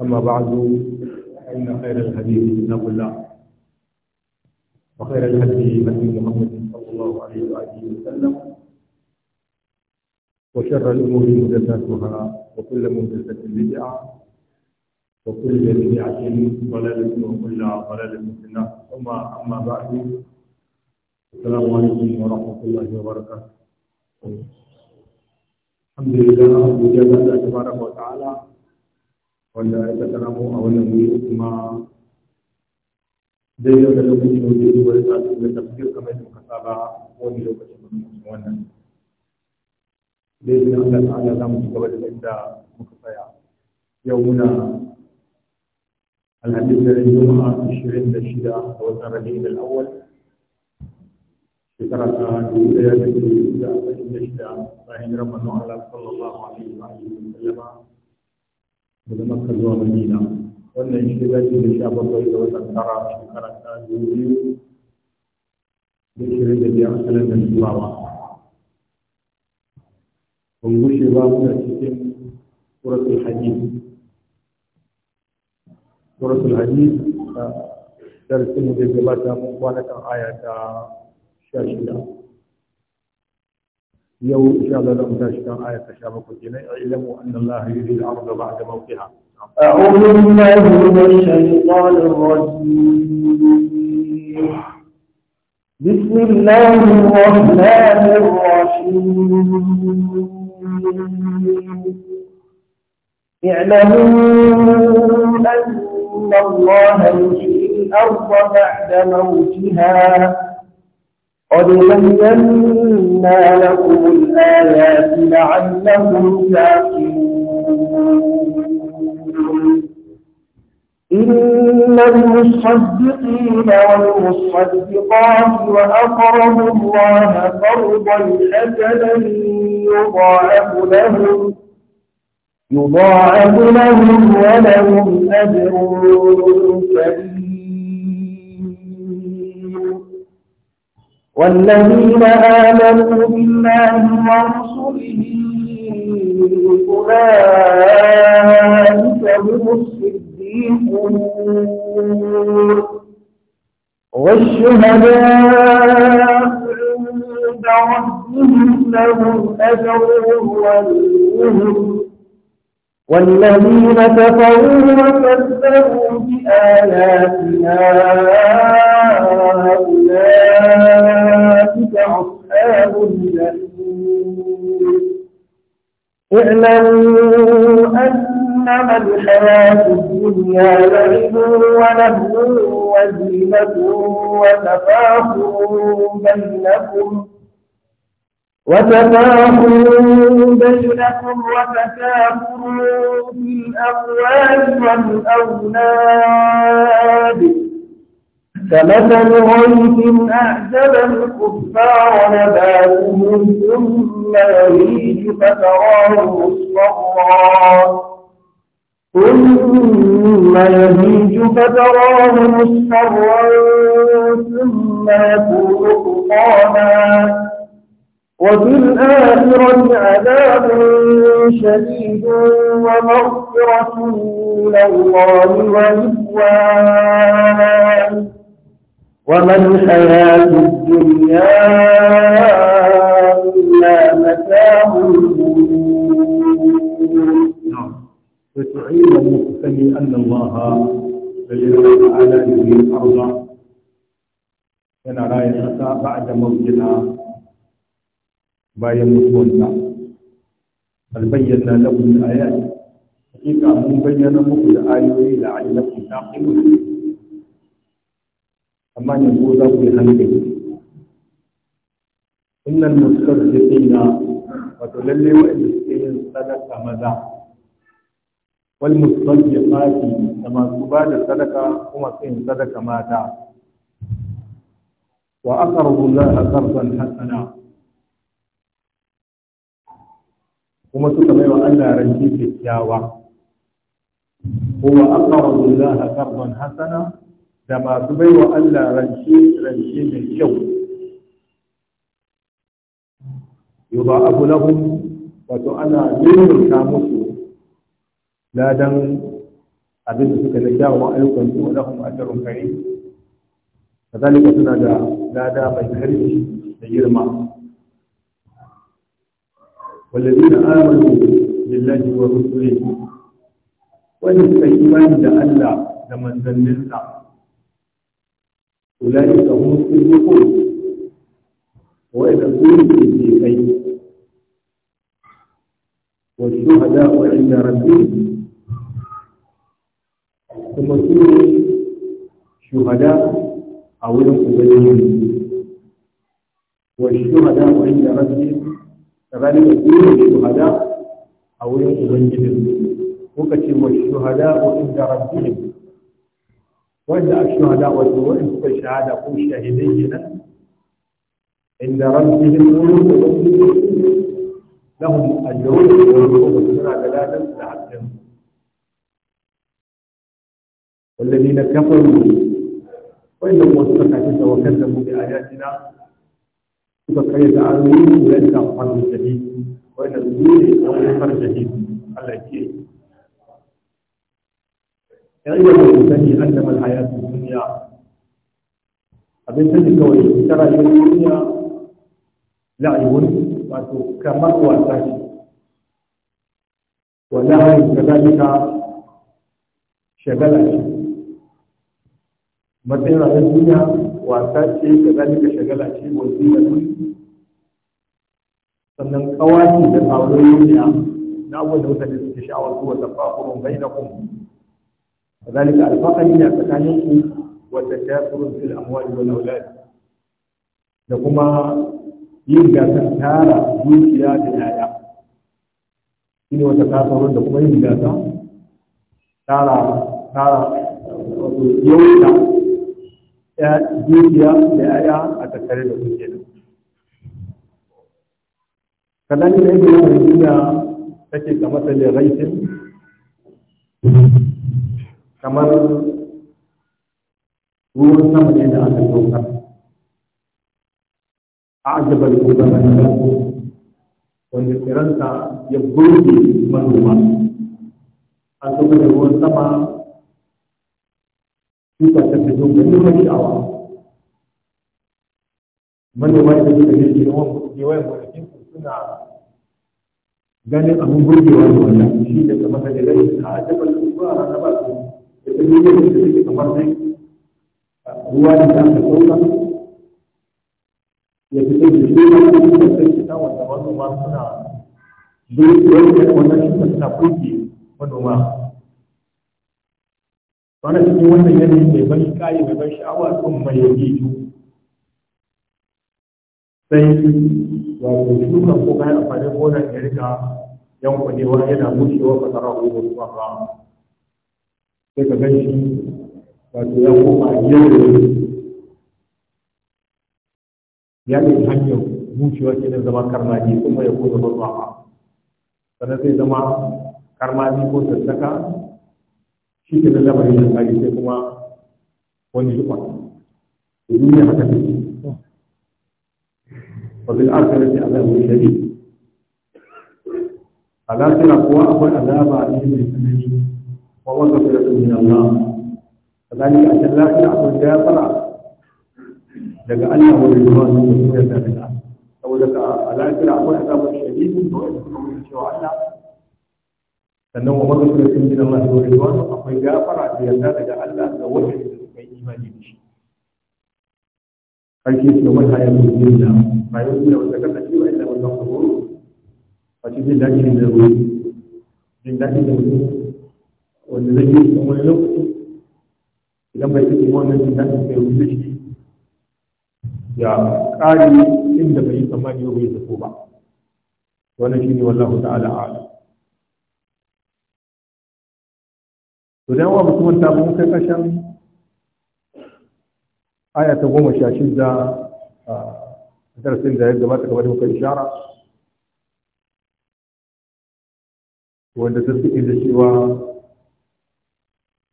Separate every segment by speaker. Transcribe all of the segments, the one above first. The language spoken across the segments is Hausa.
Speaker 1: أما بعد فإن خير الحديث كتاب الله وخير الهدي هدي محمد صلى الله عليه وآله وسلم وشر الأمور محدثاتها وكل محدثة بدعة وكل بدعة ضلالة وكل ضلالة في النار ثم أما بعد السلام عليكم ورحمة الله وبركاته الحمد لله وجزاك الله تبارك وتعالى wanda ya tsakaramu a wannan wuri kuma daidai da lokacin da zai zuwa da da tafiyar kamar da muka saba wani lokacin da muka wannan daidai da Allah ta'ala za mu ci gaba da inda muka tsaya yau muna alhamis da juma'a ashirin da shida a watan rabi'in al-awwal shekara ta dubu ɗaya da dubu da ashirin da shida bayan hijirar manzon Allah sallallahu alaihi wa alihi wa sallama daga makka zuwa madina wannan shi zai da sha bakwai da watan tara shekara ta biyu da shirin da biyar sanar da turawa ban gushe ba da cikin suratul hadid suratul hadid da darasin da gabata mun kwana kan aya ta sha shida يو إن شاء الله لهم تشكر آية تشابك الجنة اعلموا أن الله يريد الأرض بعد موتها أعوذ بالله من
Speaker 2: الشيطان الرجيم بسم الله الرحمن الرحيم اعلموا أن الله يحيي الأرض بعد موتها قد بينا لكم الآيات لعلهم يعقلون إن المصدقين والمصدقات وأقرضوا الله قرضا حسنا يضاعف لهم
Speaker 1: يضاعف لهم
Speaker 2: ولهم أجر كبير والذين آمنوا بالله ورسله أولئك هم الصديقون والشهداء عند ربهم لهم أجرهم وليهم
Speaker 1: والذين كفروا
Speaker 2: وكذبوا بآياتنا أولئك أصحاب أنما الحياة الدنيا لعب ولهو وزينة وتفاخر بينكم وتفاخر بينكم وتكاثر في الأموال والأولاد
Speaker 1: كمثل غيث
Speaker 2: أعزب الكفار نباته ثم يريد فتراه مصفرا ثم يهيج فتراه مصفرا ثم يكون حطاما وفي الآخرة عذاب شديد ومغفرة من الله ورضوان
Speaker 3: وما الحياة الدنيا
Speaker 2: إلا متاع
Speaker 1: فتعين المقتدي أن الله سبحانه وتعالى يحيي الأرض yana raya ƙasa ba da mawjina bayan mutuwarsa albayyan na lagun ayat hakika mun bayyana muku da ayoyi da ayyukan taqibun amma ko za ku yi hankali innal musaddiqina wato lalle inda suke yin sadaka maza wal musaddiqati da masu ba da sadaka kuma su yin sadaka mata wa aqrabu Allah qardan hasana kuma suka bai wa Allah rance kyakkyawa huwa aqrabu Allah qardan hasana da masu baiwa Allah rance rance mai kyau yuba abu lahum wato ana nuna musu ladan abin da suka da kyawun ayyukan su wa lahum ajrun karim kazalika suna da lada mai karfi da girma والذين آمنوا بالله ورسله وإن إيمان الله لمن ذنبنا أولئك هم الصديقون وإذا كنت الصديقين والشهداء عند ربهم ثم كونوا شهداء أو ينقذون والشهداء عند ربهم فغالبا كونوا شهداء أو ينقذون وكتب الشهداء عند ربهم ولا الشهداء والشهود والشهادة كل شاهدين عند ربهم لهم أجرون وربهم سنة دلالة لعبهم والذين كفروا وإنهم مستقعدين وكذبوا بآياتنا فكيف تعالوا أولئك أصحاب الجحيم وإن الدين أو النار جحيم الله يكفيك yan iya ku sani annama alhayatu dunya abin sani kawai ita rayuwar duniya la'ibun wato kamar wasa ce wa la'ibun kadalika shagala ce matsayin rayuwar duniya wasa ce kadalika shagala ce wanzu da sannan kawaki da tsawoyin duniya na abubuwan da mutane suke sha'awar zuwa da fafurin bainakum فذلك الفقر إلى تكانيك والتشافر في الأموال والأولاد لكما يبقى تنتارا دوكيا دنايا إني وتكاثر لكما يبقى تارا تارا يوتا dukiya da ‘ya'ya a tattare da kuke nan. Kadan da yake yana duniya kamar ruwan sama ne da aka saukar a ajabar kuma na wanda kiranta ya burge manoma A saukar da ruwan sama shuka ta fito ga nuna sha'awa manoma da suka yi kewayen gonakin suna ganin abin burgewa da wannan shi da kamar da gari a ajabar kuma na ba su da ɗabi'ar da suke kamar dai ruwa da ta ka sauka ya fito da shi na kuma da sai kita wanda manoma suna zuwa da wannan shuka suna kuke manoma wannan cikin wannan yanayi mai ban kayi mai ban sha'awa sun mai yage sai wato shukan ko kayan amfanin gonar ya rika yankwanewa yana bushewa ko ruwa ruwa sai ka gan shi wato ya koma da yau ya ne hanyar wucewa ke nan zama karmani ko ya ko zama sannan sai zama karmani ko sassaka shi ke da lamarin da kari sai kuma wani shi kwan duniya haka ne wa bil akhirati azabun shadid a lafira kuwa akwai alama a cikin tsanani وهو مغفرة من الله فذلك أن لا يعبد جافرة لك أنه رضوان وسوية بالله أو لك ألا يكره عذاب شديد ويذكرهم من سوى الله sannan wa magasirin min Allah da ridwan akwai gafara da yarda daga Allah ga wanda suka yi imani da shi karshe ce wa yi duniya bayan duniya wanda ka tafi wa illa wannan a cikin dakin da ruwa jin dakin da wanda zai yi a wani lokaci idan bai tafi wannan cuta ta kai wuce shi ya ƙari inda bai yi tsammani ba bai tafi ba wannan shi ne wallahu ta'ala a'lam to da yawa mutumin ta mun kai kashin aya ta goma sha shida darasin da ya gabata kamar da muka ishara wanda ta suke da cewa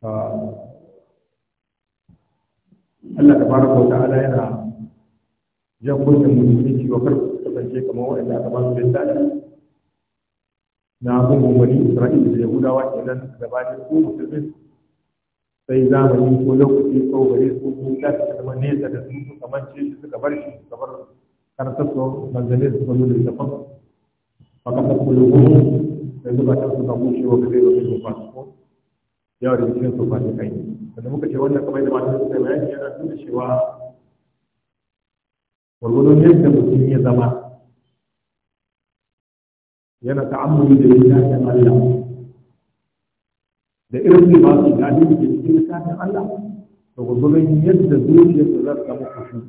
Speaker 1: Allah ta fara ko ta'ala yana jan kullum musulmi cewa kar ku kasance kamar waɗanda aka ba su littafi na abin wani Isra'ila da Yahudawa da ba ko musulmi sai zamani ko lokaci ko gare su ko za ta zama nesa da su kamar ce shi suka bar shi suka bar karantarsu manzanni suka zo da littafin fakasar kulubu da zuba ta suka bushe wa gare da su ba su yawa da cikin su fasi kai wanda muka ce wannan kamar da mata su kai bayani yana nuna cewa gwargwadon yadda mutum ya zama yana ta'ammuli da yin littafin Allah da irin limamin da ake ke cikin littafin Allah da gwargwadon yadda zuciyarsa za su samu kushu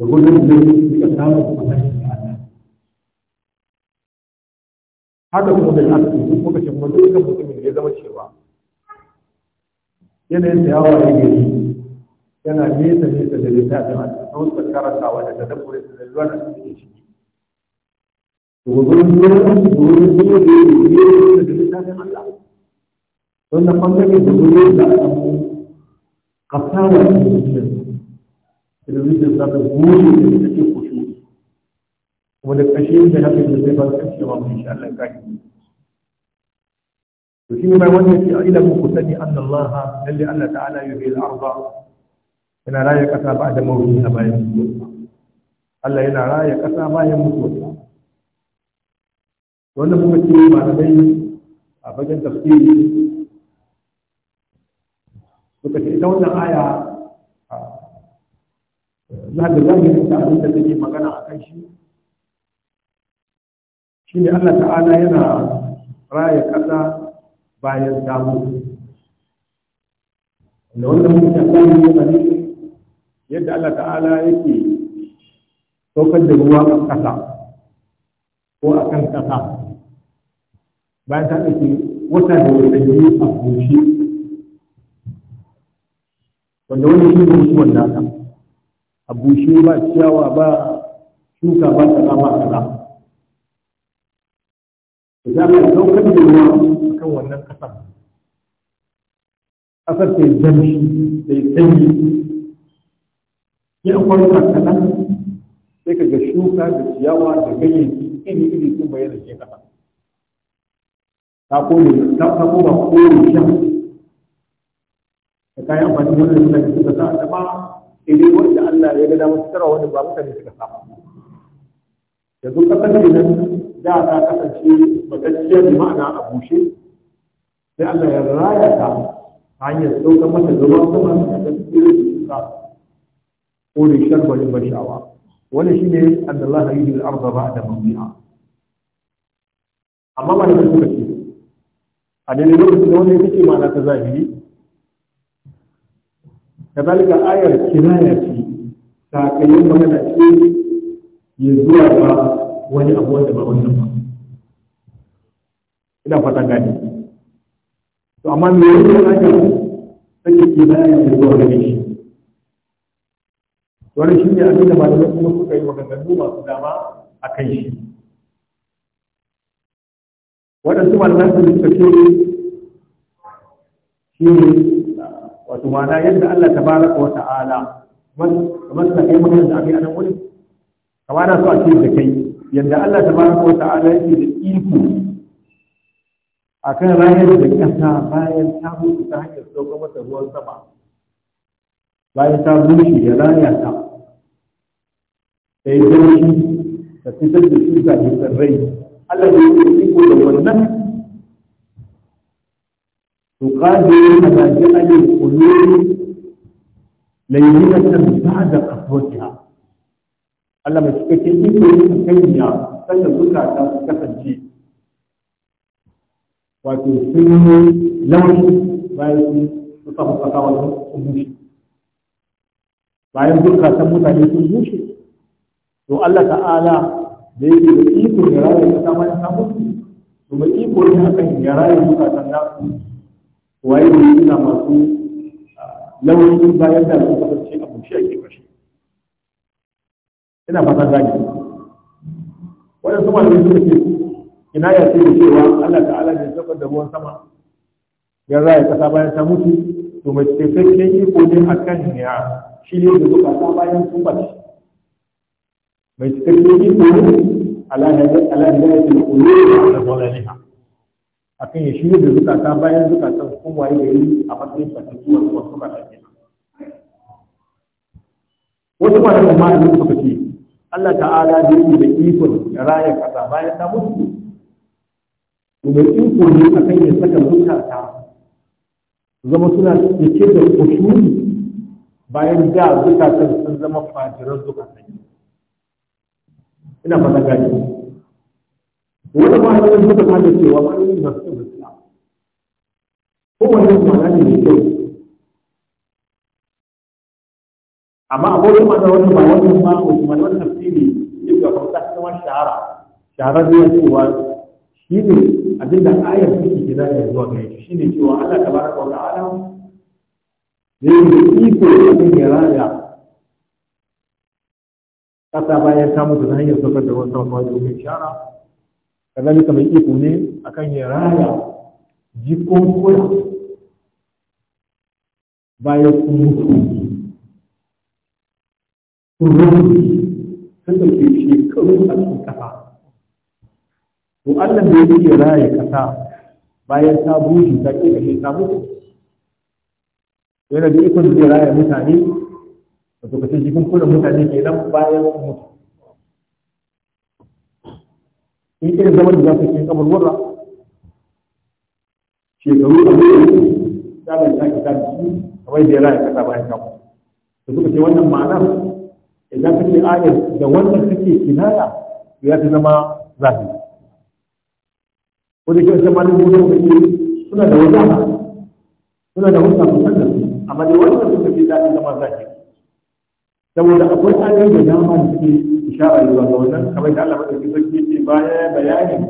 Speaker 1: gwargwadon yadda suka samu kushu haka kuma ya ce duk muka kuma dukkan mutumin da ya zama cewa yanayin da yawa ya gari yana nesa nesa da da a tsawon karantawa da ta dabbure da lalluwa da suke ciki wurin wurin zuwa da ya da littafin Allah da bangare da wurin da aka mu kasawa da mutum da mutum za ta goyi da take ku وده اشيو ده نفس اللي بيبقى في ان شاء الله كاين وفي ما وجد في الى مقتدي ان الله الذي الله تعالى يحيي الارض هنا لا يكسى بعد موته ما يموت الله هنا لا يكسى ما يموت وانا ممكن ما نبي افجن تفكيري وكذا اذا وانا ايا لا دلاله تعالى تجي مكانها كاين shi ne Allah ta'ala yana raya ƙasa bayan samu da wanda muke tafiyar da ne yadda Allah ta'ala yake saukar da ruwa a ƙasa ko a kan kasa bayan ta ɗauki wata da yi a bushe wanda wani shi ne mutuwan nata a bushe ba ciyawa ba shuka ba kama ba kasa idan mai saukar da ruwa kan wannan kasar Ƙasar ta yi zamshi da yi sanyi yin kwarta kaɗan sai ka ga shuka da ciyawa da ganyayyaki iri iri sun bayyana cikin kasar ta kone ta koma kone shan da kayan amfani wanda suka ga suka sa da ba idan wanda Allah ya ga damar fitarwa wanda ba mutane suka samu yanzu ƙasar ne nan da ta kasance matacciyar da ma'ana a bushe sai Allah ya raya ta hanyar saukar mata zama kuma da tsere da suka ko da sharbarin bashawa wani shi ne yi da al ba da mawdi'a amma ba da suka ce a daidai lokacin da wani yake ma'ana ta zahiri zalika ayar kinaya ce ta kayan magana ce ya zuwa ba wani abu wanda ba wannan ba ina fata gani to amma me yake da haka take ke yake da wani shi Wani shi ne abin da malamai kuma suka yi maganganu masu dama a kan shi waɗansu malamai su suka ce shi ne wato ma'ana yadda Allah ta baraka wa ta'ala kamar suna kai magana da abin a nan wani kamar na so a ce da kai yadda Allah ta baraka wa ta'ala yake da iko akan rayar da ƙasa bayan ta mutu ta hanyar sauƙa mata ruwan sama bayan ta bushe ya rayar ta sai yi zarfi ta fitar da shuka da tsirrai Allah ya yi iko da wannan to kaje da zaji alin kullu layyinatan ba'da qaswatiha Allah mai cikakken iko ne ka sanya sanda zukata su kasance wato sun yi launi bayan sun suka fasa wajen sun bushe bayan duka zukatan mutane sun bushe to Allah ta'ala da yake da iko ya raya ta samun samun to mai iko ne akan ya raye duka zukatan nasu waye ne suna masu ah, launi bayan da suka kasance a bushe ina fatan zaki waɗansu malamai suka ce ina ya ce da cewa Allah ta'ala ne saukar da ruwan sama ya raya kasa bayan ta mutu to mai cikakken iko ne a kan ya shi ne da zukata bayan sun bace mai cikakken iko ne alahiyar da kulu da zolaliha a kan ya shi ne da zukata bayan zukatan sun waye da yi a matsayin fatattu wasu wasu suka ta kenan wasu malamai ma'azin suka ce Allah ta'ala da yake da ikon raya kasa bayan ta mutu da ikon ne a kan ya saka zukata zama suna cike da kushuri bayan da zukatan sun zama fajiran zukatan ina fata gani wani ma hannun suka da cewa ma yi masu islam kowane ma'ana ne mai kyau amma abokin masa wani ba wannan ma ko kuma wannan tafsiri duk da kuma ta zama shahara shahara ne cewa shi ne abinda ayar take kira da zuwa gare shi ne cewa Allah tabaraka wa ta'ala ne yi iko abin ya raya kasa bayan ta mutu ta hanyar saukar da wasu kawai domin shara kazalika mai iko ne akan ya raya jikon kula bayan sun mutu rubuci sun ɗauke shekaru a cikin ƙasa to Allah da yake raye ƙasa bayan ta bushe ta ke kashe ta mutu yana da ikon zai raye mutane da lokacin cikin kula mutane ke nan bayan mutu in irin zaman da za su cikin kamar wurra shekaru a mutu ta bai ta ke ta kamar da ya raye ƙasa bayan ta mutu da suka ce wannan ma'anar idan kake ayar da wannan kake kinaya to ya ta zama zahiri wani kyau zama nan gudu kake suna da ba, suna da wata musamman amma da wannan suka da za zama zahiri saboda akwai ayoyi da dama da suke ishara zuwa ga wannan kamar da Allah madaukakin sarki ce baya bayanin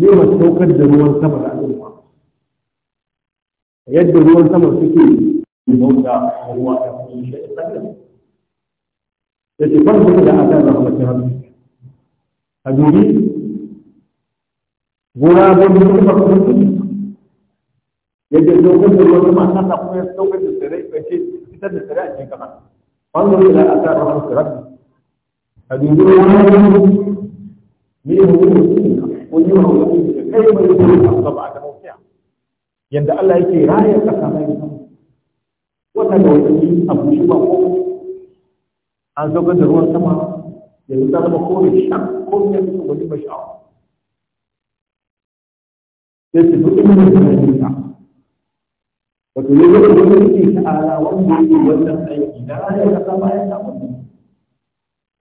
Speaker 1: ba saukar da ruwan sama da al'umma yadda ruwan sama suke mota ruwa da kuma shi ya ce farko da akan rahmatin rabbi a dubi gora don mutum ba kuma yadda lokacin da wasu masu kuma ya sauka da tsirrai ce, fitar da tsirrai a cikin kama wannan ila a kan rahon tsirrai a dubi wani ne ya hukunci wani ya da kai mai zuri a gaba a tafiya yadda Allah yake raya ƙasa mai wannan da wani abu shi ba ko an saukar da ruwan sama da ta zama kome sha ko ya fi wani mashawa sai su duk ina da ya nuna wato ne zai zama yake ta'ala wanda yi wannan aiki da ranar ya zama ya samu ne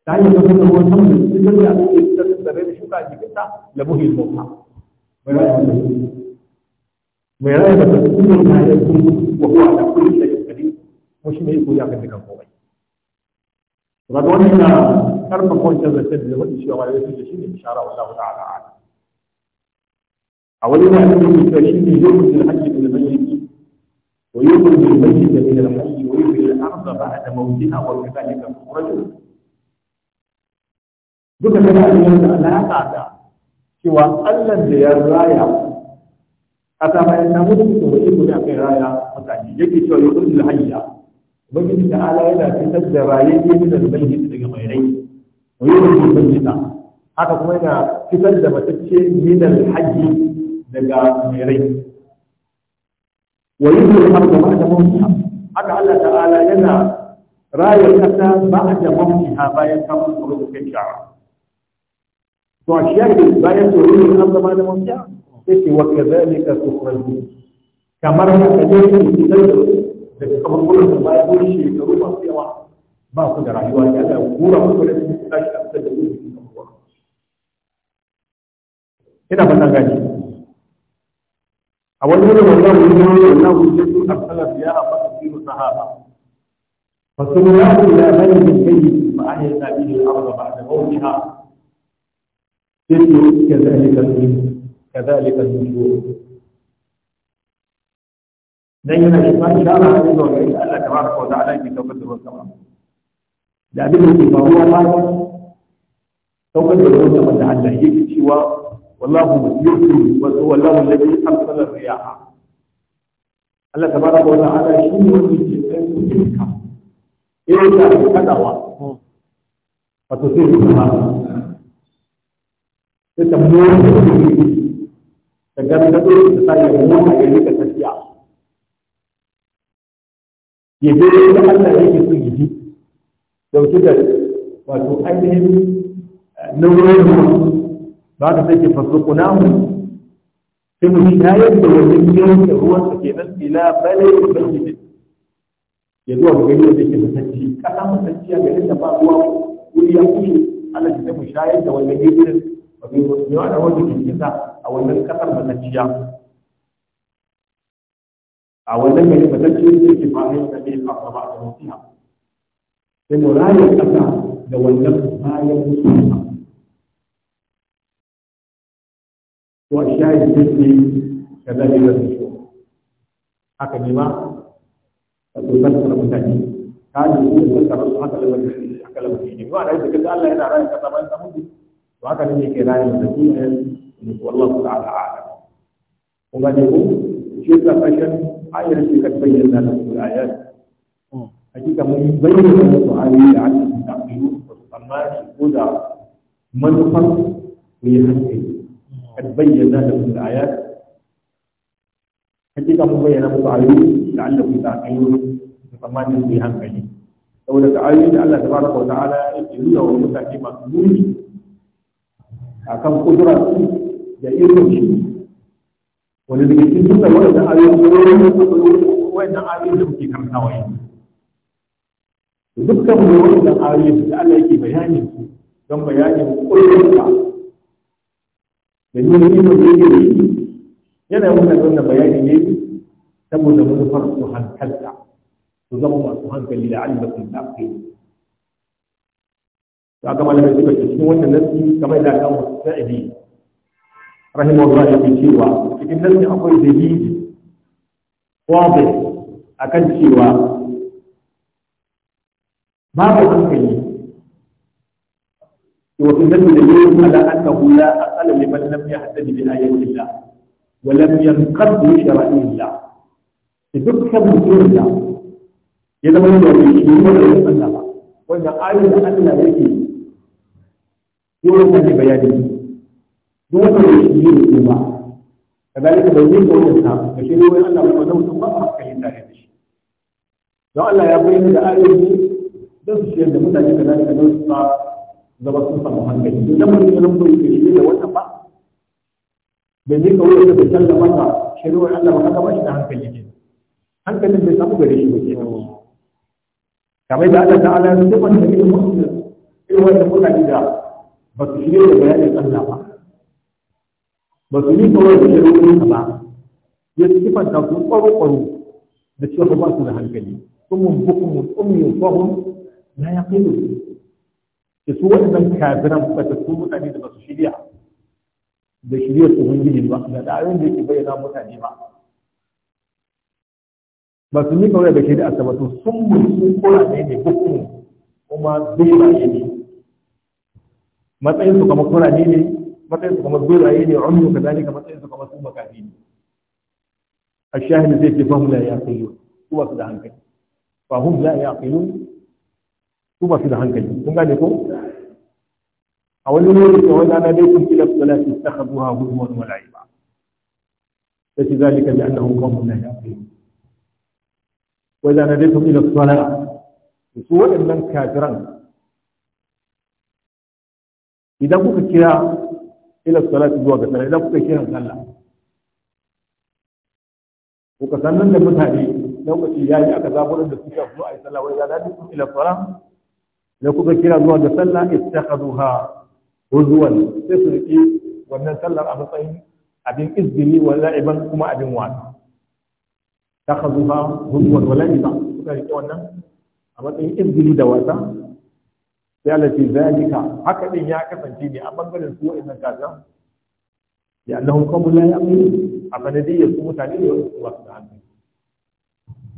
Speaker 1: ta yi zama da ruwan sama da su zai da ake fitar da tsare da shuka a jikinta da muhil mota mai rayuwa da su mai rayuwa da su ne na yanzu wa kuwa da kullum da yankari ko shi ne ya koya kan dukan komai Ga wani na karfafa wancan zancen da wani cewa ya fi da shi ne ishara wallahu ta'ala a'lam. a wani na ake yi ta shi ne yau mutum hajji da mai yake wa yau mutum mai yake da mai hajji wa yau mutum arza ba da mawujiha wa kaza ne kan kurajin duka tana da yadda alaƙa da cewa Allah da ya raya kasa bayan na mutum da wani guda kai raya mutane yake cewa yau mutum hajji ubangiji ta ala yana fitar da rayayye min al-mayyit daga mai rai wa yuhyi al-mayyita haka kuma yana fitar da matacce min al-hayy daga mai rai wa yuhyi al-ardh ba'da mawtiha haka Allah ta'ala yana raya kasa ba'da mawtiha bayan ta mutu da kai sha'a to a shi bayan to yuhyi al-ardh ba'da mawtiha sai wa kadhalika tukhrajun kamar haka ne fitar da daga kamar wurin da bayan wani shekaru masu yawa ba ku da rayuwa ya da gura muku da cikin tashi a fitar da wuri cikin abubuwa ina ba nan gani a wani wurin wannan wurin wannan wurin sun asalar ya a fasa fiye sahaba فسمناه إلى بني الكيس فأحيينا به الأرض بعد موتها كذلك كذلك النشور dan yana da tsari da ana da zuwa ga Allah tabaraka wa ta'ala yake saukar da ruwan sama da abin da ke faruwa ba saukar da ruwan sama da Allah yake cewa wallahu yursilu wa wallahu alladhi arsala riyaha Allah tabaraka wa ta'ala shi ne wanda ke tsayin iska iska da kadawa wato sai ta ba sai ta mu ta gargado ta sai ya mu ga yake ta ya je da Allah yake so ya ji dauki da wato ainihin eh, nauyin ba ka sai ke fasukuna mu sai mu yadda da wajen yanke ruwan sa kenan ila balai ubangiji ya zuwa ga gari da yake masacci kasa masacci a garin da ba ruwa wuri ya kushe Allah ya sai mu shayar da wajen yanke ruwan sa wajen yanke ruwan a wannan kasar masacciya a wannan gari ba zan cikin cikin ba ne da ne a gaba da nasiha sai mu raye kasa da wannan bayan musulma ko a shayi sai ka zabi wasu shi haka ne ma ka tsotsar da mutane ka yi su da tsara su haka lamarin haka lamarin ne ba da yadda kaga Allah yana raye kasa bayan ta mutu to haka ne yake raye da tafiya ne wallahu ta'ala a'lam kuma ne ko shi yasa kashin ayar ce kan bayyana da su ayar hmm. hakika mun bayyana musu ayoyi da ake da ayoyi amma shi ko da manufar ku yi hankali hmm. kan bayyana da su ayar hakika mun bayyana musu ayoyi da Allah ku da ayoyi tsammanin ku yi hankali saboda ka ayoyi da Allah tabaraka wa ta'ala yake nuna wa mutane masu nuni akan kudura da irin shi wani daga cikin suna wannan wani wannan ayoyi da muke karantawa yanzu dukkan mu wannan ayoyi da Allah yake bayanin su don bayanin kullunka da ni ne ko ne ne yana wannan wani bayani ne saboda mun farko hankalta su zama masu hankali da alimakin lafiya to aka malamai suka ce cikin wannan nasi kamar da kan wasu sa'idi rahimahullah yake cewa cikin nan akwai dalili wabe akan cewa babu hankali وفي ذلك دليل على انه لا اقل لمن لم يهتد بايات الله ولم ينقض لشرائع الله تذكر بسور الله يدعو الى الشيوخ ولا الله وان ايه الله يجي يقول لك بيانه dole ne shi yi da ba ka gani ka bayyana da wannan sa ka shi ruwan Allah ba zan san ba a kai tare da shi don Allah ya bayyana da ayoyi don su shiyar da mutane da zaka don su sa zama sun samu hankali don nan mutum nan bai shi da wannan ba bai zai ka wuce da sallah masa shi ruwan Allah ba haka ba shi da hankali ne hankalin bai samu gare shi ba ke kamar da Allah ta'ala ya zuba da irin wannan irin wannan mutane da ba su shirya da bayanin Allah ba ba su yi tsoro da ke rukunsa ba ya sifanta su ƙwaro-ƙwaro da cewa ba su da hankali ummun bukumun ummin fahun la ya kai da su waɗannan kafiran ba ta su mutane da ba su shirya da shirya su ubangiji ba da da'ayoyin da bayyana mutane ba ba su miƙa wuya da ke da sun mutu kura ne ne bukun kuma bai ne matsayin su kamar kura ne ne مطعم تقمصون عيني عمي وكذلك مطعم تقمصون مكاهين الشاهد زيت فهم لا يعقلون هو في دهنك فهم لا يعقلون هو في دهنك ثم قال لكم أولا نقول أن بيتم في الصلاة اتخذوها هزوا ولعبا ليس ذلك لأنهم قوم لا يعقلون وإذا ناديتم إلى الصلاة بسوء من كافرا إذا كنت كذا ila salati zuwa ga sallah idan kuka kira sallah kuka sannan da mutane lokaci ya yi aka zaburar da suka zo a yi sallah wai zada dukkan ila fara da kuka kira zuwa ga sallah ittakhadhuha huzwan sai su riki wannan sallar a matsayin abin izgili wala iban kuma abin wasa takhadhuha huzwan wala iban suka riki wannan a matsayin izgili da wasa ya lafi zalika haka din ya kasance ne a bangaren su wa'annan kafiran ya annahum qawmun la ya'lamun a ya su mutane ne wasu su da hannu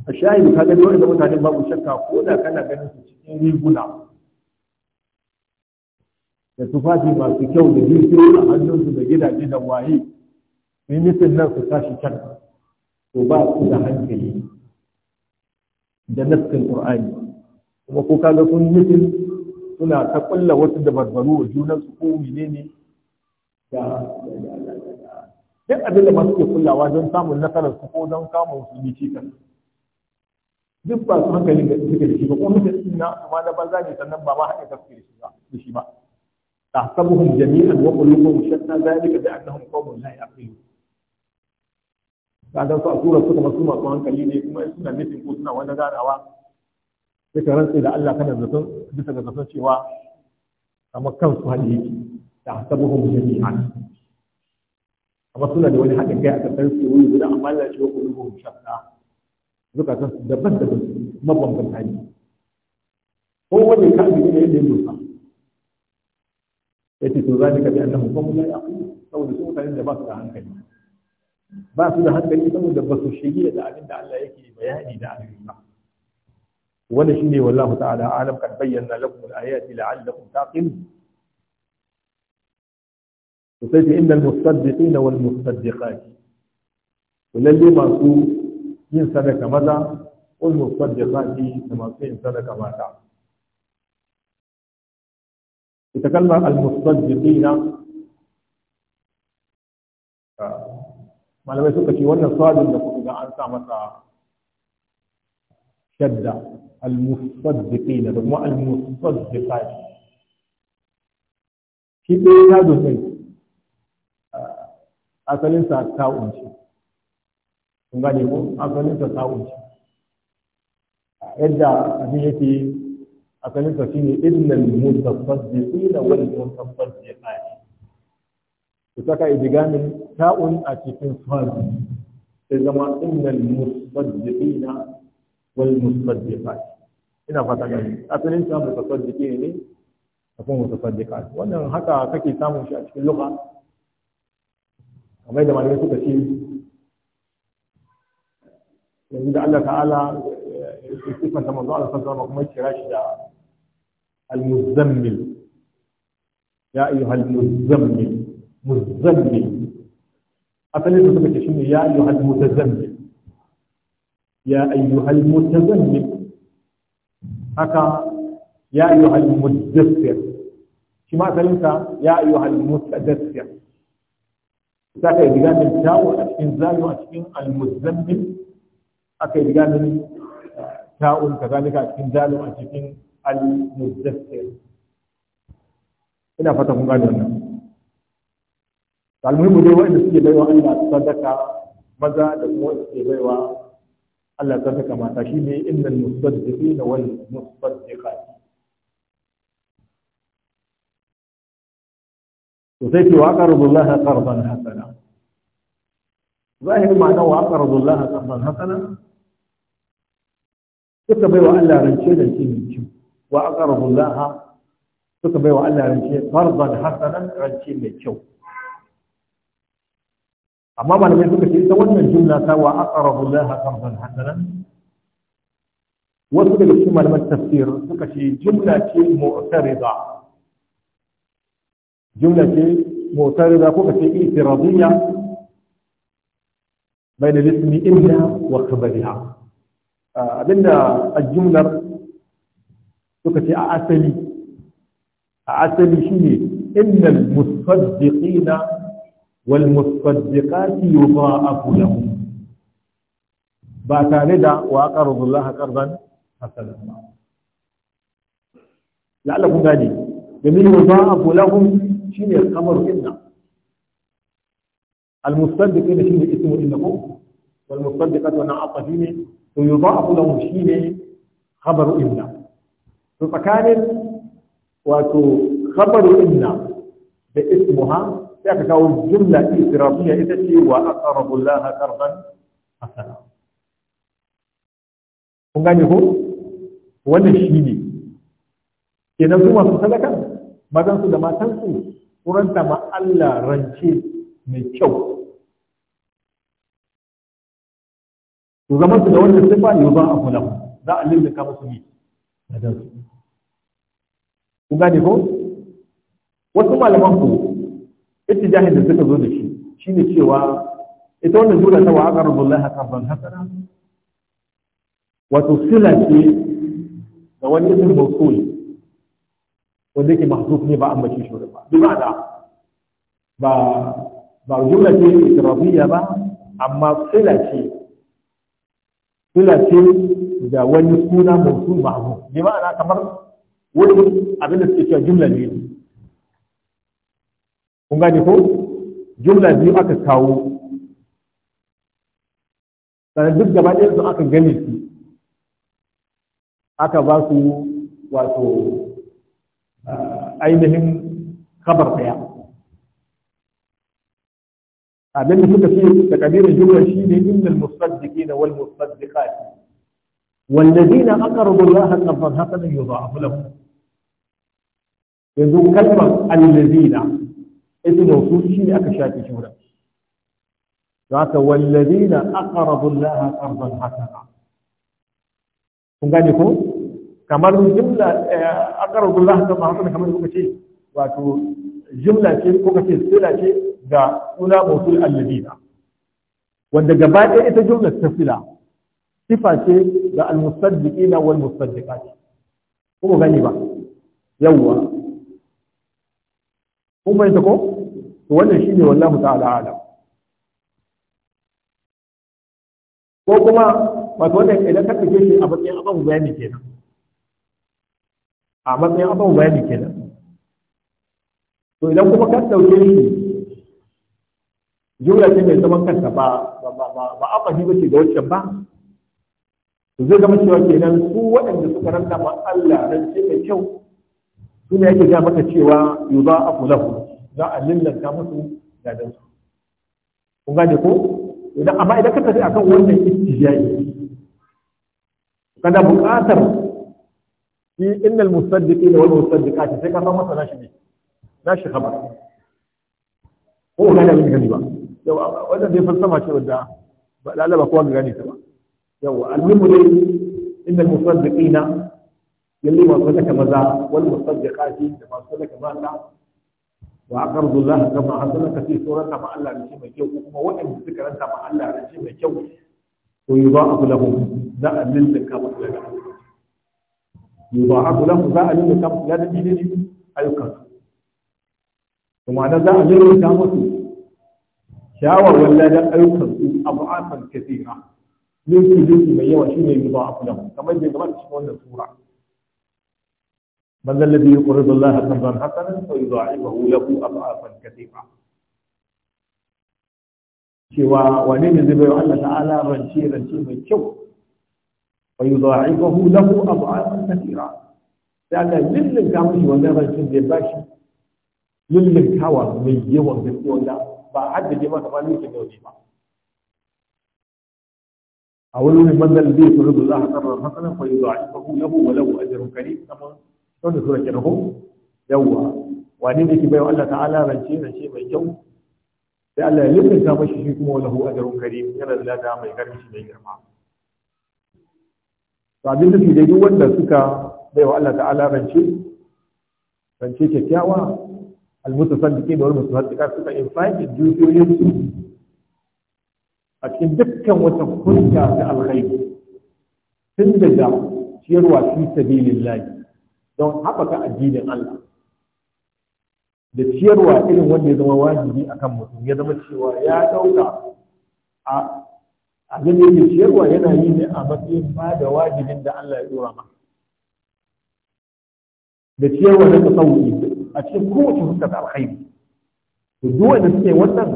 Speaker 1: a shayi ka ga dole da mutane babu shakka ko da kana ganin su cikin riguna da tufafi masu kyau da dukiyoyi a hannunsu da gidaje da waye mimitin nan su tashi can to ba su da hankali da naskin qur'ani kuma ko kaga sun mutum suna ta kulla wasu dabarbaru wa junan su ko menene da duk abin da masu ke kullawa don samun nasarar su ko don samun su ne cikas duk ba su hankali da suke da shi ba kuma da suna amma na banza ne sannan ba ma haɗe tafsir da shi ba tahsabuhum jami'an wa qulubuhum shatta zalika da annahum qawmun la yaqilun zan su a tura suka masu masu hankali ne kuma suna nufin ko suna wani ganawa sai ka rantse da Allah kana zaton bisa ga zaton cewa amma kansu haɗe yake da hasabuhum jami'an amma suna da wani haɗin kai a kasar su wuri guda amma Allah ya ce wa qulubuhum shatta Zuka su daban-daban mabambanta ne ko wani ka bi ne yadda ya musa yace to zalika bi annahum qawmun la yaqilun saboda su mutanen da ba su da hankali ba su da hankali saboda ba su shige da abin da Allah yake bayani da abin ba wanda shine wallahu ta'ala alam kad bayyana lakum al-ayati la'allakum taqilun to sai da innal musaddiqina wal musaddiqat ma masu yin sadaka maza wal musaddiqat da masu yin sadaka mata ita kalmar al
Speaker 2: musaddiqina
Speaker 1: ah, malamai suka ce wannan sadin da kuka ga an sa masa shadda al-musaddiqina da kuma al-musaddiqat shi ɗaya ta domin asalinsa ta'un ce kun gane ko asalinsa ta'un ce yadda abin yake asalinsa shi ne idnal mutasaddiqina ya mutasaddiqat ku saka idigamin ta'un a cikin fara sai zama idnal mutasaddiqina والمصدقات ina fata ga asalin ta mutasaddiqi ne akwai mutasaddiqat wannan haka kake samu shi a cikin lugha kamar da malamai suka ce yanzu da Allah ta'ala sifan ta manzo Allah sallallahu alaihi kuma kira shi da al-muzammil ya al muzammil muzammil asalin da suka ce shi ne ya al mutazammil ya ayyuhal mutazammil haka ya ayyuhal muddassir shi ma ka ya ayyuhal mutadassir saka ka yi diga min tawo a cikin zayo a cikin almuzammil aka yi diga min ta'un ka zalika a cikin zalim a cikin almuzaffir ina fata kun gane wannan almuhimu dai wanda suke baiwa Allah sadaka maza da kuma suke baiwa Allah ya saka mata shi ne inda innal musaddiqina wal musaddiqat to sai ce wa qardullaha qardan hasana zahirin ma'ana wa qardullaha qardan hasana suka bai wa Allah rance da shi ne ci wa qardullaha suka bai wa Allah rance qardan hasana rance mai kyau amma malamai suka ce ita wannan jumla ta wa aqrabu Allah qardan hasanan
Speaker 2: wasu daga cikin malaman
Speaker 1: tafsir suka ce jumla ce mu'tarida jumla ce mu'tarida ko ka ce itiradiyya bayan ismi illa wa khabariha abinda al-jumlar suka ce a asali a asali shine innal musaddiqina wal musaddiqati yudha'afu lahum ba tare da wa aqradu Allah qardan hasana la'alla kun gane domin yudha'afu lahum shine kamar inna al musaddiqin shine ismu innakum wal musaddiqatu wa na'ata shine to yudha'afu lahum shine to tsakanin wato khabaru inna da ismuha sai aka kawo jumla istirafiya ita ce wa aqrabu Allah qarban hasana kun gane ko wannan shine kenan su masu sadaka mazan su da matan su kuranta ma Allah rance mai kyau to zaman su da wannan sifa ba a kula za a lullaka musu ne da su kun gane ko wasu malaman ku ittijahin da suka zo da shi shi shine cewa ita wannan jumla ta wa aqrabu llaha qarban hasana wato sila ce da wani isim mawsul wanda yake mahzuf ne ba an bace shi ba bi ma'ana ba ba jumla ce ikrabiyya ba amma sila ce sila ce da wani suna mawsul mahzuf bi ma'ana kamar wani abin da suke cewa jumla ne kun gane ko jumla biyu aka kawo sannan duk gaba ɗaya su aka gani su aka ba su wato ah, ainihin kabar ɗaya abin da suka ce da kabirin jumla shi ne innal aka wal musaddiqat والذين أقرضوا الله قرضا حسنا يضاعف لهم yanzu kalmar allazina اسم موصول شيء aka shafe shi wurin zaka wallazina aqrabu Allah qardan hasana kun gane ko kamar jumla eh, aqrabu Allah qardan hasana kamar kuka ce wato jumla ce ko kace ce ga suna mawsul alladina wanda gaba ɗaya ita jumla ta sila sifa ce ga almusaddiqina wal musaddiqat ko ba yawwa kun fahimta ko wannan shine wallahu ta'ala alam ko kuma wato wannan idan ka kace shi a matsayin abu bayani kenan a matsayin abu bayani kenan to idan kuma ka dauke shi jumla ce mai zaman kanta ba ba ba ba afadi bace da wancan ba zai zama cewa kenan su waɗanda suka ranta ma Allah ran ce mai kyau su ne yake ga maka cewa yuba aku lahu za a lillanta musu gadan su kun gane ko idan amma idan ka tafi akan wannan istijai kada buƙatar fi innal musaddiqina wal musaddiqati sai ka san masa nashi ne nashi khabar ko ga da gani ba yau wannan dai falsafa ce wanda ba lalaba kowa ga gani ta ba yau almuhimu dai innal musaddiqina
Speaker 2: lalle masu sadaka maza wal
Speaker 1: musaddiqati da masu sadaka mata wa aqradu Allah kama hasanaka fi surata ma Allah ne mai kyau kuma waɗanda suka ranta ma Allah ne mai kyau to yudha'u lahum za a lillaka musu da yudha'u lahum za a lillaka musu da dinin ayyukan kuma da za a lillaka musu shawarwar ladan ayyukan su abu'afan kathira linki linki mai yawa shine yudha'u lahum kamar da gaba cikin wannan sura من الذي يقرض الله قرضا حسنا فيضاعفه له اضعافا كثيره شوا ونين ذي الله تعالى رنشي رنشي من شو فيضاعفه له اضعافا كثيره لان جل كم يوم رنشي ذي باش جل كوا من يوم ذي ولا بعد جمع ثمانية كم يوم أول من بدل به الله قرضا حسنا فيضاعفه له وله أجر كريم da sura ke rahu yawwa wani da ke bayan Allah ta'ala rance rance mai kyau sai Allah ya lissafta mashi shi kuma wani lahu ajrun karim yana da lada mai karfi mai girma to abin da da duk wanda suka bai wa Allah ta'ala rance rance kyakkyawa almutasaddiqin da almutasaddiqat suka infaqi dukiyoyin su a cikin dukkan wata hujja ta alkhairi tun daga ciyarwa fi sabilillahi don haɓaka addinin Allah da ciyarwa irin wanda ya zama wajibi akan mutum ya zama cewa ya ɗauka a abin da yake ciyarwa yana yi ne a matsayin ba da wajibin da Allah ya ɗora ma
Speaker 2: da ciyarwa na tasawuki
Speaker 1: a cikin kowace fuska da alkhairi to duk wanda suke wannan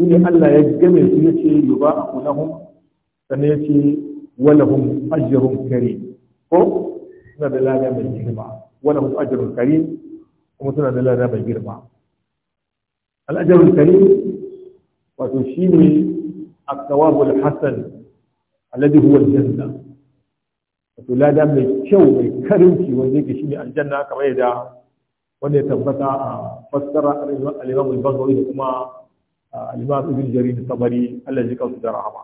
Speaker 1: shine Allah ya game su yace yuba'u lahum sannan yace walahum ajrun karim ko suna da lada mai girma wala hum karim kuma suna da lada mai girma al ajrul karim wato shi ne thawabul hasan alladhi huwa janna wato lada mai kyau mai karinci wanda yake ne, aljanna kamar yadda wanda ya tabbata a fassara al-imam da kuma al-imam ibn jarir tabari Allah ya ji kansu da rahama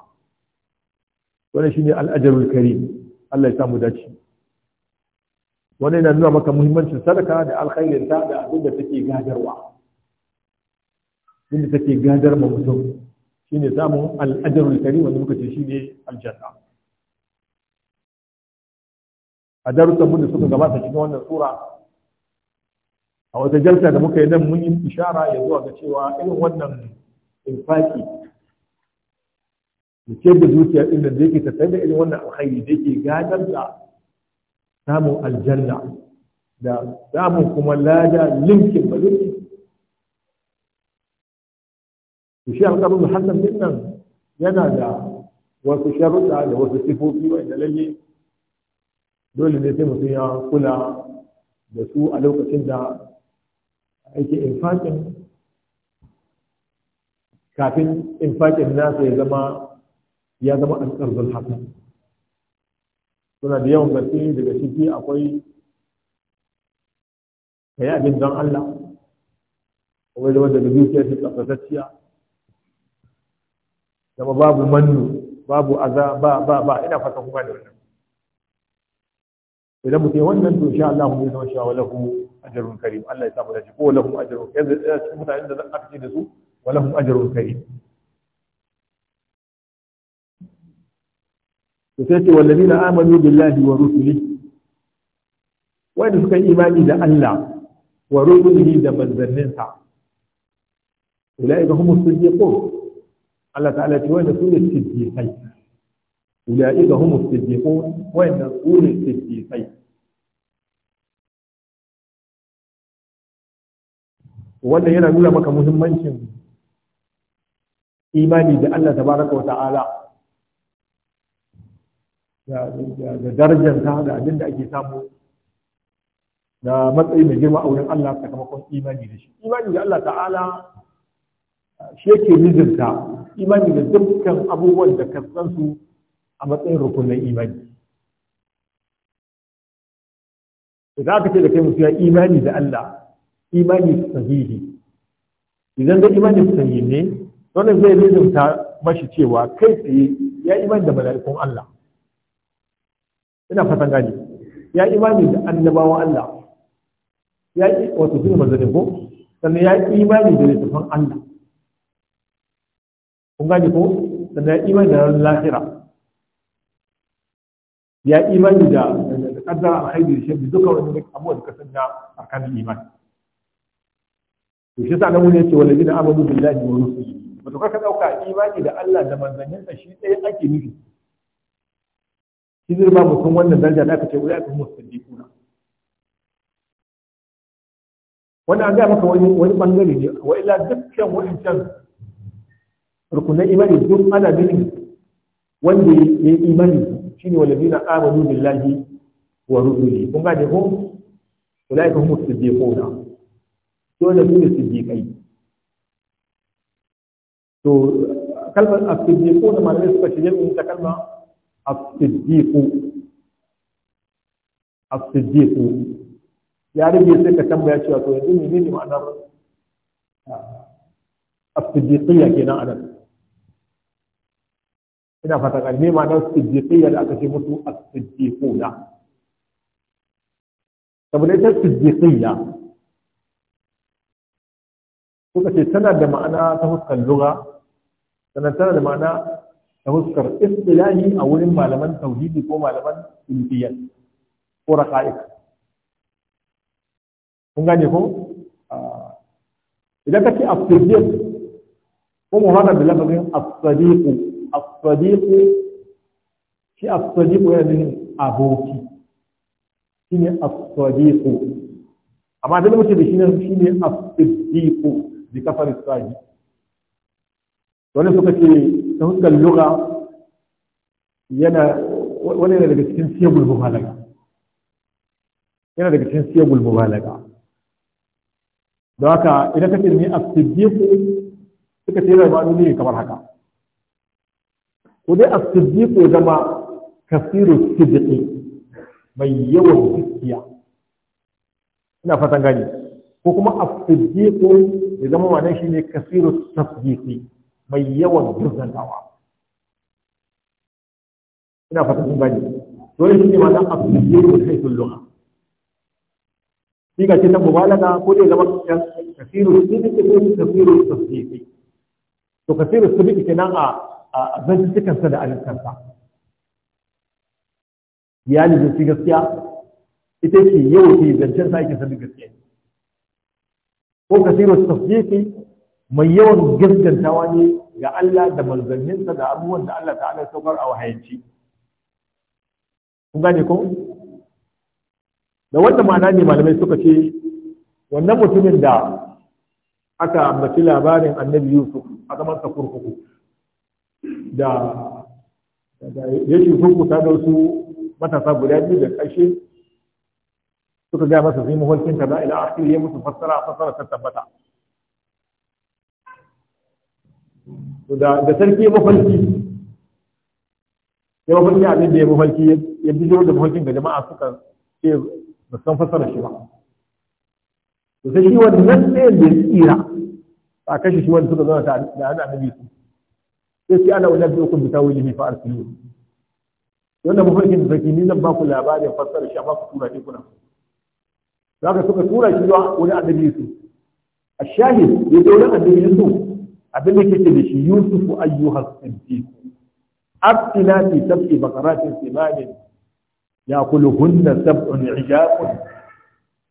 Speaker 1: wannan shine al-ajrul karim Allah ya samu dace wani na nuna maka muhimmancin sadaka da alkhairin ta da abin da take gadarwa Inda take gadar ma mutum shine samun al'ajarul karim wanda muka ce shine aljanna a darussan mun da suka gabata cikin wannan sura a wata jalsa da muka yi nan mun yi ishara ya zuwa ga cewa irin wannan infaki da ce da zuciya inda da yake tattalin da irin wannan alkhairi da yake gadar da samun aljanna da samun kuma lada linkin ba linkin to shi an karu nan yana da wasu sharuɗa da wasu sifofi wanda lalle dole ne sai mutum ya kula da su a lokacin da ake infakin kafin infakin nasa ya zama ya zama an ƙarzon suna da yawan gaske daga ciki akwai ka yi abin don Allah kuma zama daga zuciya ce tsaftatacciya zama babu mannu babu aza ba ba ba ina fata kuma da wannan idan mutum wannan to sha Allah mu zama sha walahu ajrun karim Allah ya samu da shi ko lahum ajrun yanzu eh, cikin mutanen da zan aka ce da su walahum ajrun karim to sai ce wallazina amanu billahi wa rusuli wanda suka yi imani da Allah wa rusulihi da manzanninsa ulaika humus siddiqun Allah ta'ala ce wanda su ne siddiqai ulaika humus siddiqun wanda su ne siddiqai wannan yana nuna maka muhimmancin imani da Allah tabaraka wa ta'ala da darajar ta da abin da ake samu da matsayi mai girma a wurin Allah sakamakon imani da shi imani da Allah ta'ala ah, shi yake mijinta imani da dukkan abubuwan da ka san a matsayin rukunin imani idan aka ce da kai mutum ya imani da Allah imani sahihi idan da imani sahihi ne wannan zai mijinta mashi cewa kai tsaye ya imani da mala'ikun Allah ina fatan gani ya imani da annabawa Allah ya yi wato sun manzanni ko sannan ya yi imani da littafin Allah kun gani ko sannan ya imani da ranar lahira ya imani da a alhaidi da shabi duka wani abuwa da kasan na arkanin imani to shi sa nan wani yace wallahi da amanu billahi wa rusulihi wato kaka dauka imani da Allah da manzanninsa shi ɗaya ake nufi shi zai ba mutum wannan daraja da aka ce wuri aka musu kuna Wani an gaya maka wani bangare ne wa illa dukkan wa'ancan rukunan imani duk ana ganin wanda ya yi imani shine na amanu billahi wa rukuni kun gane ko ulaika hum as-siddiquna to da su ne kai. to kalmar as kuna ma ne suka shige ta kalma as-siddiq ya rage sai ka tambaya cewa to yanzu menene ma'anar ah, as-siddiqiyya kenan anan ina fata ka me ma'anar siddiqiyya da aka ce musu as-siddiquna saboda ita siddiqiyya suka ce tana da ma'ana ta fuskar lugha sannan tana da ma'ana ta fuskar istilahi a wurin malaman tauhidi ko malaman ilfiyar ko raka'ik kun gane ko ah, idan ka ce ko mu hada da lafazin as Afsadiku. as-sadiq shi as yana nufin aboki shine as-sadiq amma da mutum da shi ne shine as-siddiq bi kafar as Wani wannan suka ce yana daga cikin siyagul mubalaga yana daga cikin siyagul mubalaga don haka idan a kamar haka ko dai a siddiqu zama kasiru siddiqi mai yawan gaskiya ina fatan gani ko kuma a siddiqu ya zama wannan shine kasiru tasdiqi mai yawan durzantawa ina fata sun gani dole su ne ma dan asbiyu da kai sun shi Siga ce ta mubalaga ko dai zama kasiru sidiki ko kasiru tasdiqi to kasiru sidiki kenan a a zantukan da alikan sa ya ne zai gaskiya ita ce yau ke zancen sa ake sanin gaskiya ko kasiru tasdiqi mai yawan gaskantawa ne ga Allah da manzanninsa da abubuwan da Allah ta'ala saukar a wahayanci kun gane ko da wanda ma'ana ne malamai suka ce wannan mutumin da aka ambaci labarin annabi yusuf a zamansa kurkuku da ya shi ta da wasu matasa guda biyu da ƙarshe suka gaya masa sun yi maholkin kaza a ya musu fassara fassara ta tabbata da sarki ya mafarki ya mafarki abin da ya mafarki ya bijiro da mafarkin da jama'a suka ce ba san fassara shi ba to sai shi nan tsayin da ya tsira a kashe shi wanda suka zama da ana annabi su sai sai ana wajen biyu kun bi tawili ne fa arsilu wannan mafarkin da sarki ni zan ba ku labarin fassara shi amma ku tura shi kuna Za ka suka tura shi zuwa wani annabi su a shahid ya zo wani annabi su abin da kake da shi yusufu ayyuha siddiq abtina fi sab'i baqaratin simanin ya'kuluhunna sab'un ijabun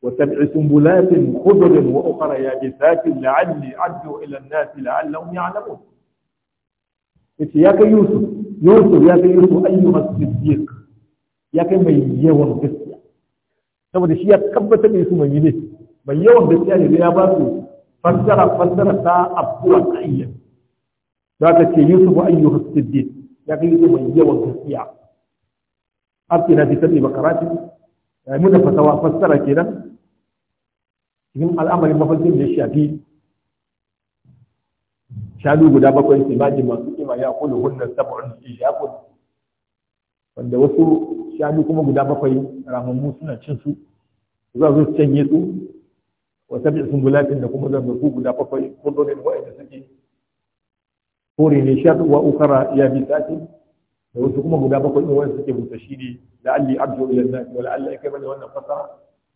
Speaker 1: wa sab'i sumbulatin khudrin wa ukhra yabisatin la'alli addu ila an-nasi la'allahum ya'lamun yace ya kai yusuf yusuf ya kai yusuf ayyuha siddiq ya kai mai yawan gaskiya saboda shi ya tabbatar da su mai ne mai yawan gaskiya ne ya ba su fassara fassara ta abuwa tsayya za ka ce yusuf ayyuhu siddiq ya kai yusuf mai yawan gaskiya abki na fi sabbi bakarati ya mu da fasawa fassara ke nan, cikin al'amarin mafarkin da ya shafi shanu guda bakwai sai baji masu kima ya kullu hunna sab'un ijabun wanda wasu shanu kuma guda bakwai ramammu suna cin su za su canye su wa sab'i sunbulatin da kuma zanzaku guda bakwai kullunin wa'anda suke kore ne shar wa ukara ya bi sati da wasu kuma guda bakwai ɗin wanda suke busashi ne da alli arjo ila nasi wala alla ya kai mana wannan fasaha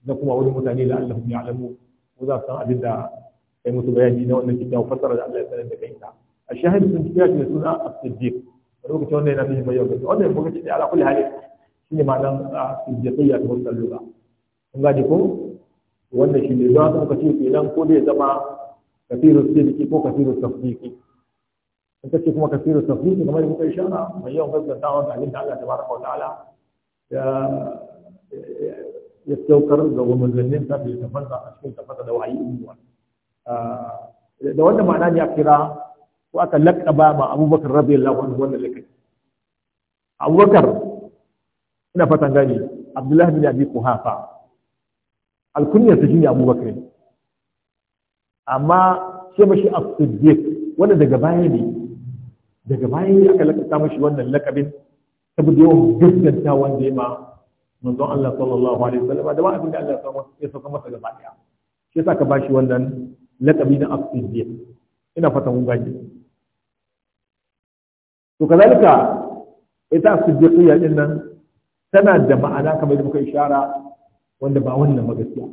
Speaker 1: na kuma wani mutane la Allah ya alamu ko za su san abin da kai musu bayani na wannan kitabu fasara da Allah ya sanar da kai ta a shahidu sun kira shi da suna as-siddiq lokacin wannan yana nufin bayyana wannan ya buga shi da ala kulli hali shine ma'anar as-siddiqiyya ta wasu lugha kun gane ko wannan shi ne za su muka ce kenan ko zai zama kasirus sirki ko kasirus tafsiki in kace kuma kasirus tafsiki kamar kai shara, mai yawan ta ga abin da Allah tabaraka wa ta'ala ya ya saukar da ta sa da tafansa a cikin tafansa da wahayi umuwa ah, da wanda ma'ana ne a kira ko aka laƙaba ma abubakar radiyallahu anhu wannan laƙabi abubakar ina fatan gani abdullahi bin abi kuhafa alkunyarsa shine abubakar amma sai mashi as-siddiq wanda daga baya ne daga baya ne aka lakata mashi wannan lakabin saboda yawan gaskanta wanda ya ma manzon Allah sallallahu alaihi wasallam da ba abin da Allah ya sauka masa gaba daya shi yasa ka bashi wannan lakabi na as-siddiq ina fatan mun gani to kazalika ita as-siddiqiyya din nan tana da ma'ana kamar da muka ishara wanda ba wannan magaskiya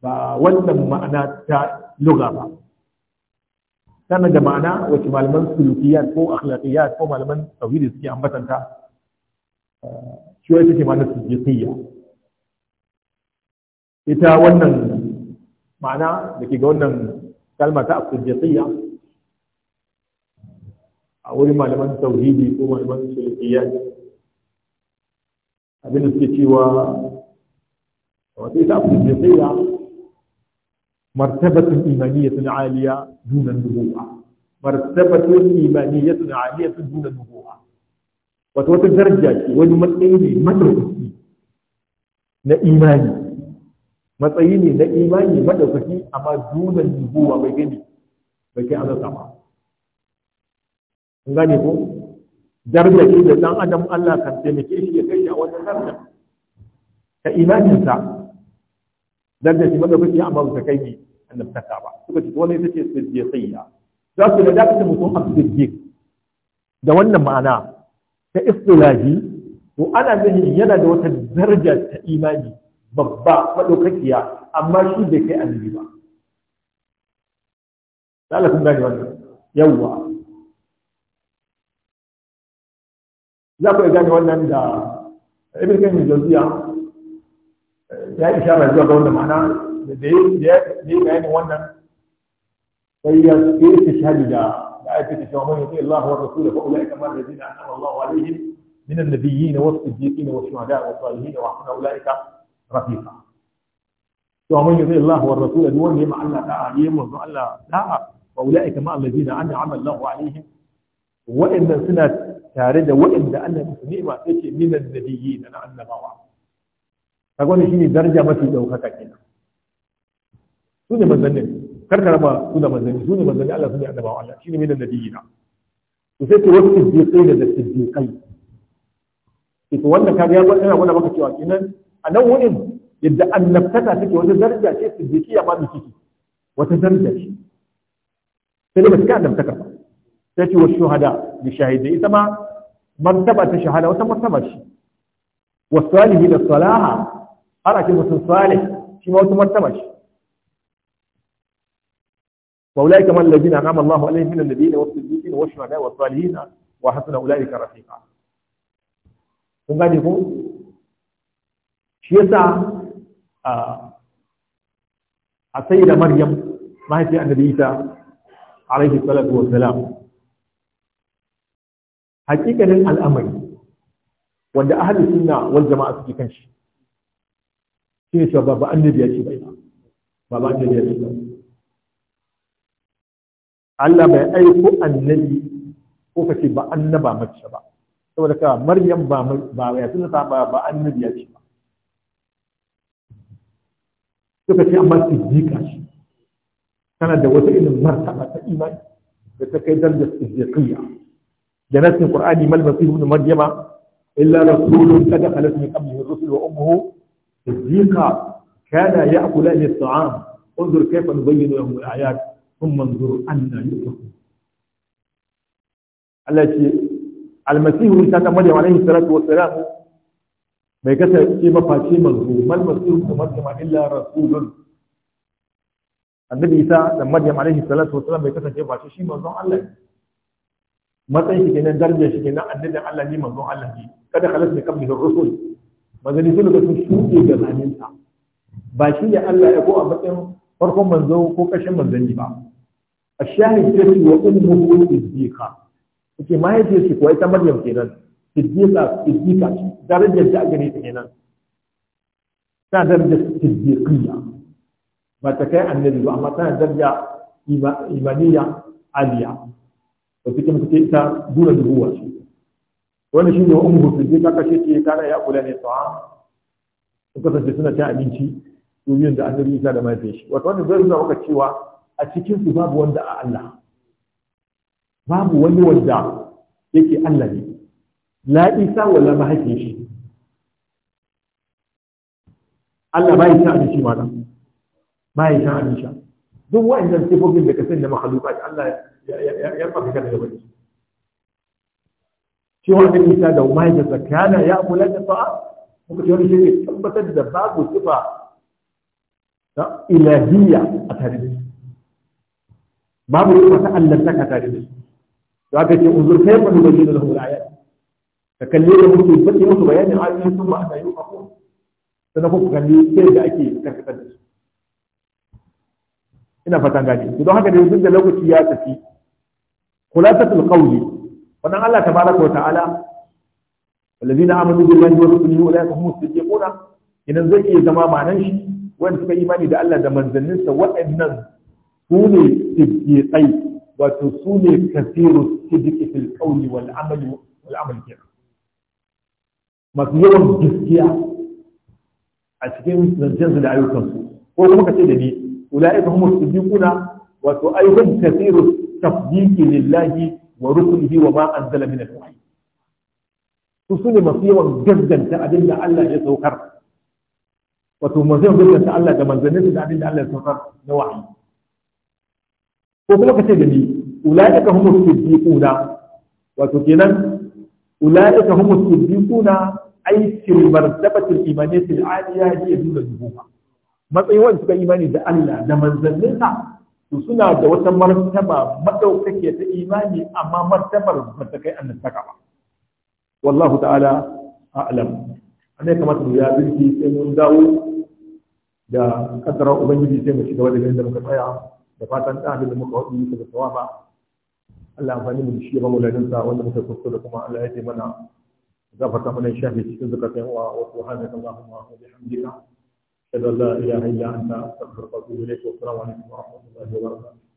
Speaker 1: ba wannan ma'ana ta lugha ba sannan da ma'ana wacce malaman sulukiyat ko akhlaqiyat ko malaman tauhidi suke ambatanta eh, shi wai take ma'anar siddiqiyya ita wannan ma'ana da ke ga wannan kalma ta siddiqiyya a wurin malaman tauhidi ko malaman sulukiyat abin da suke cewa وتلك الصديقية مرتبة إيمانية عالية دون النبوءة مرتبة إيمانية عالية دون النبوءة وتتدرجة ونمتعين مدرسي نإيماني matsayi ne na imani madaukaki amma dunan nubuwa bai gani bai kai ba gane ko daraja ke da ɗan adam Allah kan taimake shi ya kai shi a wannan daraja ta imaninsa daraja ce madaukaki amma ba ta kai ni annabtaka ba suka ce wannan ita ce siddiqiyya za su da dakata mutum a siddiq da wannan ma'ana ta istilahi to ana ganin yana da wata daraja ta imani babba madaukakiya amma shi bai kai annabi ba Allah kun gane wannan yawwa za ku gane wannan da ibn kayyim jawziya ya ishara zuwa ga wannan ma'ana da ya yi bayanin wannan sai ya yi tashhadi da da ayatul cewa man yuti Allah wa rasuluhu fa ulaika ma alladhina an'ama Allah alaihim min an-nabiyyin wa as-siddiqin wa ash-shuhada wa as-salihin wa hasuna ulaika rafiqa to man yuti Allah wa rasuluhu wa yima Allah ta'a yima wa Allah ta'a wa ulaika ma alladhina an'ama Allah alaihim wa'inda suna tare da wa'inda Allah ya ni'ima sai ce min an-nabiyyin na annabawa kaga shi shine daraja mafi daukaka kenan su ne manzannin karkara ba su da manzanni su ne manzanni Allah su ne annabawa Allah shine mai da nabiyina to sai ce wasu siddiqai da siddiqai ita eh, wannan kaga ya gwada wannan maka cewa kenan a nan wurin yadda annabtaka take wata daraja ce siddiqiya ma miki wata daraja ce sai ba cika annabtaka ba sai ce wa shuhada bi shahidai ita ma martaba ta shahada wata martaba ce wasu da salaha ana ce mutum salih shi ma wata martaba ce wa ulai kamar ladina an'ama Allahu alaihim min da wasu wa da siddiqin wa wasu shuhada wa as-salihin wa hasuna ulaika gane ko shi yasa a sayyida maryam mahaifiyar annabi isa alaihi salatu wa salam hakikanin al'amari wanda ahalin sunna wal jama'a suke kan shi shi ce ba ba annabi ya ce bai ba ba annabi ya ce ba Allah bai aiko annabi ko ka ce ba annaba mace ba saboda ka maryam ba ba ya sunata ba ba annabi ya ce ba suka ce amma siddiqa shi tana da wata irin martaba ta imani da ta kai darajar siddiqiyya da nasin qur'ani mal masih ibn maryama illa rasulun qad khalat min qablihi ar-rusul wa ummuhu الزيقة كان يأكلان الطعام انظر كيف نبين لهم الآيات ثم انظر أن يؤفكون التي المسيح عيسى مريم عليه الصلاة والسلام bai kasance mafaci manzo mal masir da maryama illa rasulun annabi isa da maryam alaihi salatu wasallam bai kasance ba shi manzon Allah ne matsayin shi kenan darajar shi kenan annabin Allah ne manzon Allah ne kada khalas bi qabli rusul maganganu da sun shuɗe gabaninsa ba shi ne Allah ya ko a matsayin farkon manzo ko ƙarshen manzanni ba a shahid ta ce wa ummuhu siddiqa yake mahaifiyar shi kuwa ita maryam kenan siddiqa siddiqa ce darajar a gare ta kenan ta darajar siddiqiyya ba ta kai annabi ba amma tana daraja imaniya aliya wata kuma ta ita dura duhuwa su. wani shi ne umu siddiqa ka shi ke kana ya kula ne ta'am su kasance suna cin abinci domin da annabi Isa da mafi shi wato wani zai nuna maka cewa a cikin su babu wanda a Allah babu wani wanda yake Allah ne la Isa wala mahaifin shi Allah bai cin abinci ma ba bai cin abinci duk wa'annan sifofin da ka sani na Allah ya ya ya ya ya ya shi wanda isa da umar da zakana ya kula da fa'a muka ce shi ne tabbatar da babu sifa ta ilahiyya a tare da su babu sifa ta allantaka tare da su to aka ce uzur kai mun bayyana da hul ayat ka kalle da muke fadi musu bayanin ayoyin sun ba a tayi ka ko sannan ku kalli sai da ake karkatar da su ina fatan gani to don haka da duk da lokaci ya tafi khulasatul qawli wannan Allah Ta tabaraka wa ta'ala allazina amanu billahi wa rasulihi ulaika humus siddiquna idan zai iya zama ma'anan shi wanda suka imani da Allah da sa, waɗannan su ne siddiqai wato su ne kasiru siddiqi fil qawli wal amali wal amal kenan masu yawan gaskiya a cikin zancensu da ayyukansu ko kuma ka ce da ni ulaika humus siddiquna wato ayyukan kasiru tasdiqi lillahi wa rukunihi wa ma anzala min al su sune masu yawan gagganta abin Allah ya saukar wato masu yawan gagganta Allah da manzanninsa da abin Allah ya saukar na wahayi ko kuma kace da ni ulaika humus siddiquna wato kenan ulaika humus siddiquna ay fil martabatil suka imani da Allah da manzanninsa to suna da wata martaba madaukake ta imani amma martabar ba ta kai annabtaka ba wallahu ta'ala a'lam annai kamata mu ya birki sai mun dawo da kaddara ubangiji sai mu shiga wajen da muka tsaya da fatan da abin da muka wadi muka da ba. Allah amfani mu shi ba mu ladan sa wanda muka da kuma Allah ya ce mana zafarta mana shafi cikin zakatun wa wa subhanaka allahumma wa bihamdika إذا لا إله إلا أنت أستغفرك وأتوب إليك والسلام عليكم ورحمة الله وبركاته